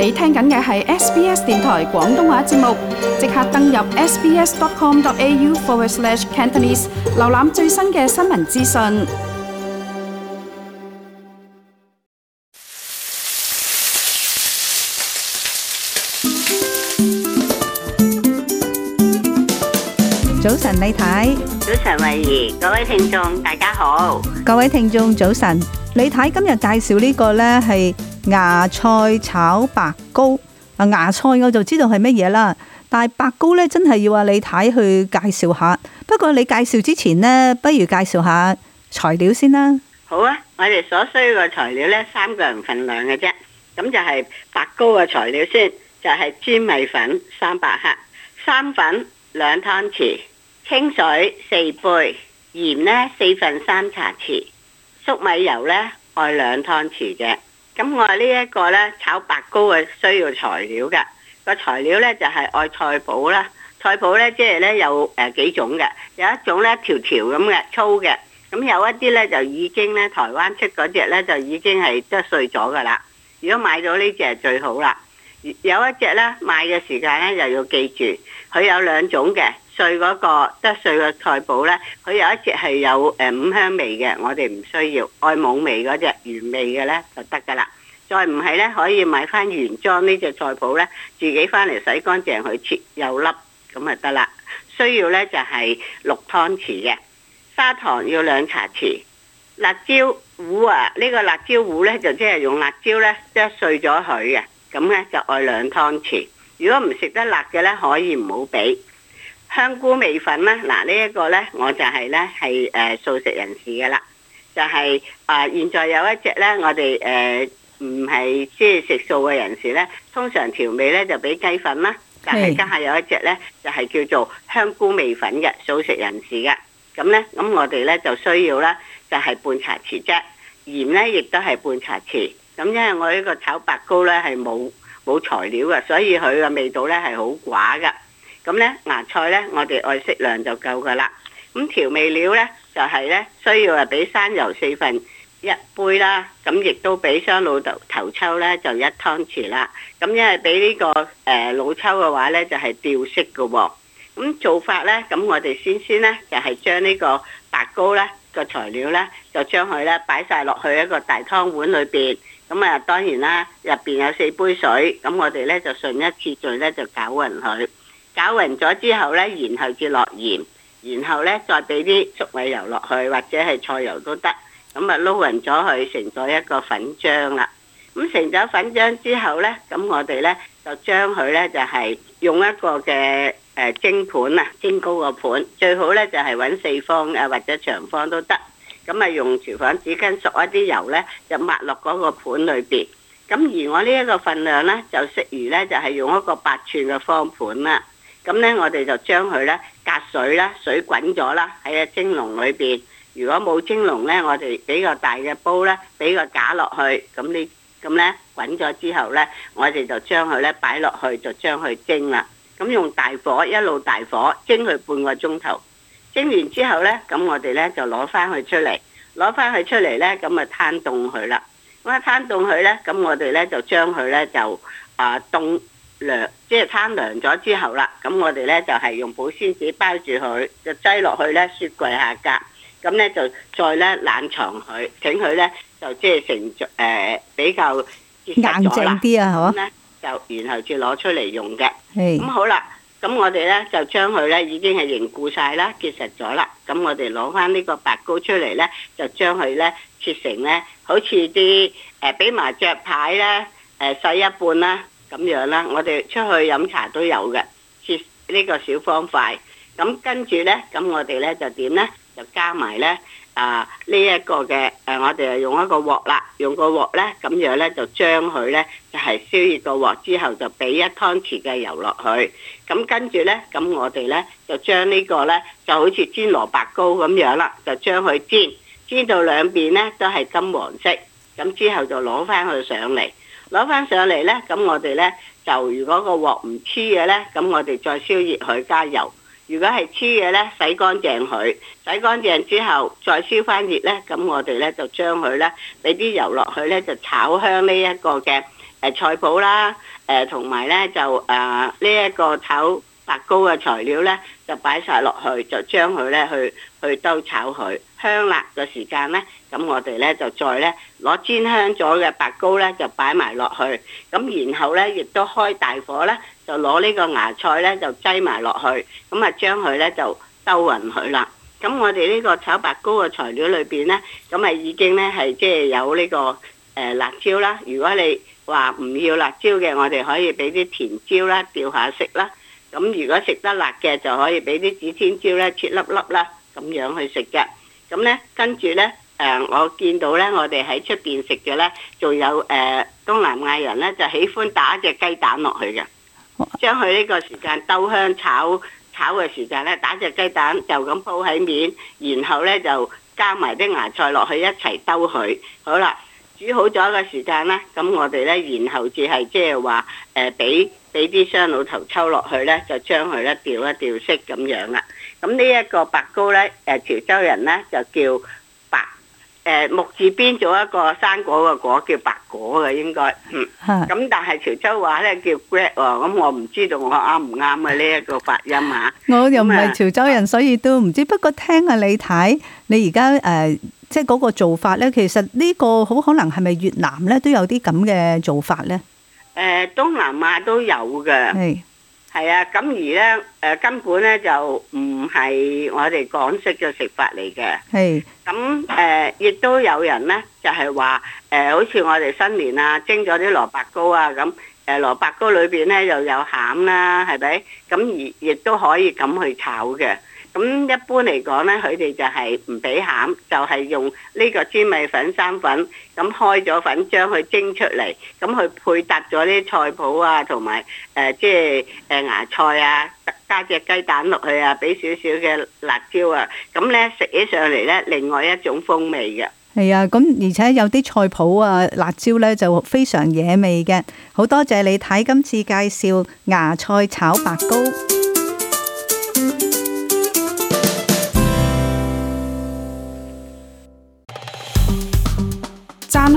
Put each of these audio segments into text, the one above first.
你聽緊嘅係 SBS 電台廣東話節目，即刻登入 sbs.com.au/Cantonese，瀏覽最新嘅新聞資訊。早晨，李太。早晨，惠怡，各位聽眾，大家好。各位聽眾，早晨，李太，今日介紹呢個呢係，芽菜炒白糕啊！芽菜我就知道係乜嘢啦，但係白糕呢真係要啊李太去介紹下。不過你介紹之前呢不如介紹下材料先啦。好啊，我哋所需嘅材料呢三個人份量嘅啫，咁就係白糕嘅材料先，就係、是、粘米粉三百克，三粉兩湯匙，清水四杯，鹽呢四分三茶匙，粟米油呢愛兩湯匙啫。咁我呢一個咧炒白糕嘅需要材料嘅、個材料咧就係、是、愛菜脯啦，菜脯咧即係咧有誒幾種嘅，有一種咧條條咁嘅粗嘅，咁有一啲咧就已經咧台灣出嗰隻咧就已經係剁碎咗噶啦。如果買到呢隻係最好啦。有一隻咧買嘅時間咧就要記住，佢有兩種嘅。碎嗰、那個剁碎嘅菜脯呢，佢有一隻係有誒、呃、五香味嘅，我哋唔需要愛冇味嗰隻原味嘅呢就得㗎啦。再唔係呢，可以買翻原裝呢隻菜脯呢，自己返嚟洗乾淨去切幼粒咁就得啦。需要呢，就係、是、六湯匙嘅砂糖要兩茶匙辣椒糊啊！呢、這個辣椒糊呢，就即係用辣椒呢剁碎咗佢嘅，咁呢，就愛兩湯匙。如果唔食得辣嘅呢，可以唔好俾。香菇味粉啦，嗱、這個、呢一個咧，我就係咧係誒素食人士嘅啦，就係、是、啊現在有一隻咧，我哋誒唔係即係食素嘅人士咧，通常調味咧就俾雞粉啦，但係家下有一隻咧就係、是、叫做香菇味粉嘅素食人士嘅，咁咧咁我哋咧就需要咧，就係半茶匙啫，鹽咧亦都係半茶匙，咁因為我呢個炒白糕咧係冇冇材料嘅，所以佢嘅味道咧係好寡嘅。咁呢、嗯、芽菜呢，我哋愛適量就夠噶啦。咁、嗯、調味料呢，就係、是、呢需要啊，俾生油四份一杯啦。咁、嗯、亦都俾雙老豆頭抽呢，就一湯匙啦。咁因為俾呢個誒、呃、老抽嘅話呢，就係、是、調色嘅喎、哦。咁、嗯、做法呢，咁、嗯、我哋先先呢，就係、是、將呢個白糕呢個材料呢，就將佢呢擺晒落去一個大湯碗裏邊。咁、嗯、啊，當然啦，入邊有四杯水。咁我哋呢就順一次序呢，就攪勻佢。攪匀咗之後呢，然後至落鹽，然後呢，再俾啲粟米油落去，或者係菜油都得。咁啊撈匀咗佢，成咗一個粉漿啦。咁成咗粉漿之後呢，咁我哋呢，就將佢呢，就係、是、用一個嘅誒蒸盤啊，蒸糕個盤，最好呢，就係、是、揾四方嘅或者長方都得。咁啊，用廚房紙巾索一啲油呢，就抹落嗰個盤裏邊。咁而我呢一個份量呢，就適宜呢，就係、是、用一個八寸嘅方盤啦。咁咧，我哋就將佢咧隔水啦，水滾咗啦，喺個蒸籠裏邊。如果冇蒸籠咧，我哋俾個大嘅煲咧，俾個架落去。咁呢，咁咧滾咗之後咧，我哋就將佢咧擺落去，就將佢蒸啦。咁用大火一路大火蒸佢半個鐘頭。蒸完之後咧，咁我哋咧就攞翻佢出嚟，攞翻佢出嚟咧，咁咪攤凍佢啦。咁啊，攤凍佢咧，咁我哋咧就將佢咧就啊凍。涼，即係攤涼咗之後啦，咁我哋咧就係、是、用保鮮紙包住佢，就擠落去咧雪櫃下格。咁咧就再咧冷藏佢，等佢咧就即係成咗、呃、比較結實咗啦。咧、啊、就然後再攞出嚟用嘅。咁的好啦，咁我哋咧就將佢咧已經係凝固晒啦，結實咗啦。咁我哋攞翻呢個白膏出嚟咧，就將佢咧切成咧好似啲誒比麻雀牌咧誒細一半啦。咁樣啦，我哋出去飲茶都有嘅，切、這、呢個小方塊。咁跟住呢，咁我哋呢就點呢？就加埋呢啊呢一、這個嘅誒、啊，我哋用一個鑊啦，用個鑊呢。咁樣呢，就將佢呢，就係、是、燒熱個鑊之後，就俾一湯匙嘅油落去。咁跟住呢，咁我哋呢，就將呢個呢，就好似煎蘿蔔糕咁樣啦，就將佢煎，煎到兩邊呢，都係金黃色。咁之後就攞翻佢上嚟。攞翻上嚟呢，咁我哋呢，就如果個鑊唔黐嘢呢，咁我哋再燒熱佢加油；如果係黐嘢呢，洗乾淨佢，洗乾淨之後再燒翻熱呢，咁我哋呢，就將佢呢，俾啲油落去呢，就炒香呢一個嘅菜脯啦，呃，同埋呢，就啊呢一個炒白糕嘅材料呢，就擺晒落去，就將佢呢，去去兜炒佢。香辣嘅時間呢，咁我哋呢就再呢攞煎香咗嘅白糕呢，就擺埋落去。咁然後呢，亦都開大火呢，就攞呢個芽菜呢，就擠埋落去。咁啊，將佢呢，就兜勻佢啦。咁我哋呢個炒白糕嘅材料裏邊呢，咁啊已經呢，係即係有呢、這個誒、呃、辣椒啦。如果你話唔要辣椒嘅，我哋可以俾啲甜椒啦，掉下食啦。咁如果食得辣嘅，就可以俾啲紫天椒呢，切粒粒啦，咁樣去食嘅。咁、嗯、呢，跟住呢，誒，我見到呢，我哋喺出邊食嘅呢，仲有誒、呃，東南亞人呢，就喜歡打隻雞蛋落去嘅，將佢呢個時間兜香炒炒嘅時間呢，打隻雞蛋就咁鋪喺面，然後呢，就加埋啲芽菜落去一齊兜佢，好啦。煮好咗嘅時間咧，咁我哋呢，然後至係即係話誒俾俾啲商佬頭抽落去呢，就將佢呢調一調色咁樣啦。咁呢一個白糕呢，誒、呃、潮州人呢就叫白誒、呃、木字邊做一個生果嘅果叫白果嘅應該。嚇咁 但係潮州話呢叫 grape 喎、哦，咁、嗯、我唔知道我啱唔啱嘅呢一個發音嚇。我又唔係潮州人，啊、所以都唔知。不過聽下你睇，你而家誒。呃即係嗰個做法呢，其實呢個好可能係咪越南呢都有啲咁嘅做法呢？誒，東南亞都有嘅。係係是啊，咁而呢，誒根本呢就唔係我哋港式嘅食法嚟嘅。係是。咁誒亦都有人呢，就係話誒，好似我哋新年啊，蒸咗啲蘿蔔糕啊咁，誒、呃、蘿蔔糕裏邊呢又有餡啦，係咪？咁而亦都可以咁去炒嘅。咁一般嚟講咧，佢哋就係唔俾餡，就係用呢個粘米粉生粉，咁開咗粉將佢蒸出嚟，咁去配搭咗啲菜脯啊，同埋誒即係誒芽菜啊，加隻雞蛋落去啊，俾少少嘅辣椒啊，咁咧食起上嚟咧，另外一種風味嘅。係啊，咁而且有啲菜脯啊、辣椒咧就非常惹味嘅。好多謝你睇今次介紹芽菜炒白糕。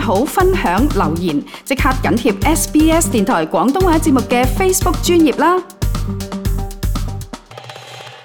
好，分享留言，即刻緊貼 SBS 電台廣東話節目嘅 Facebook 專頁啦！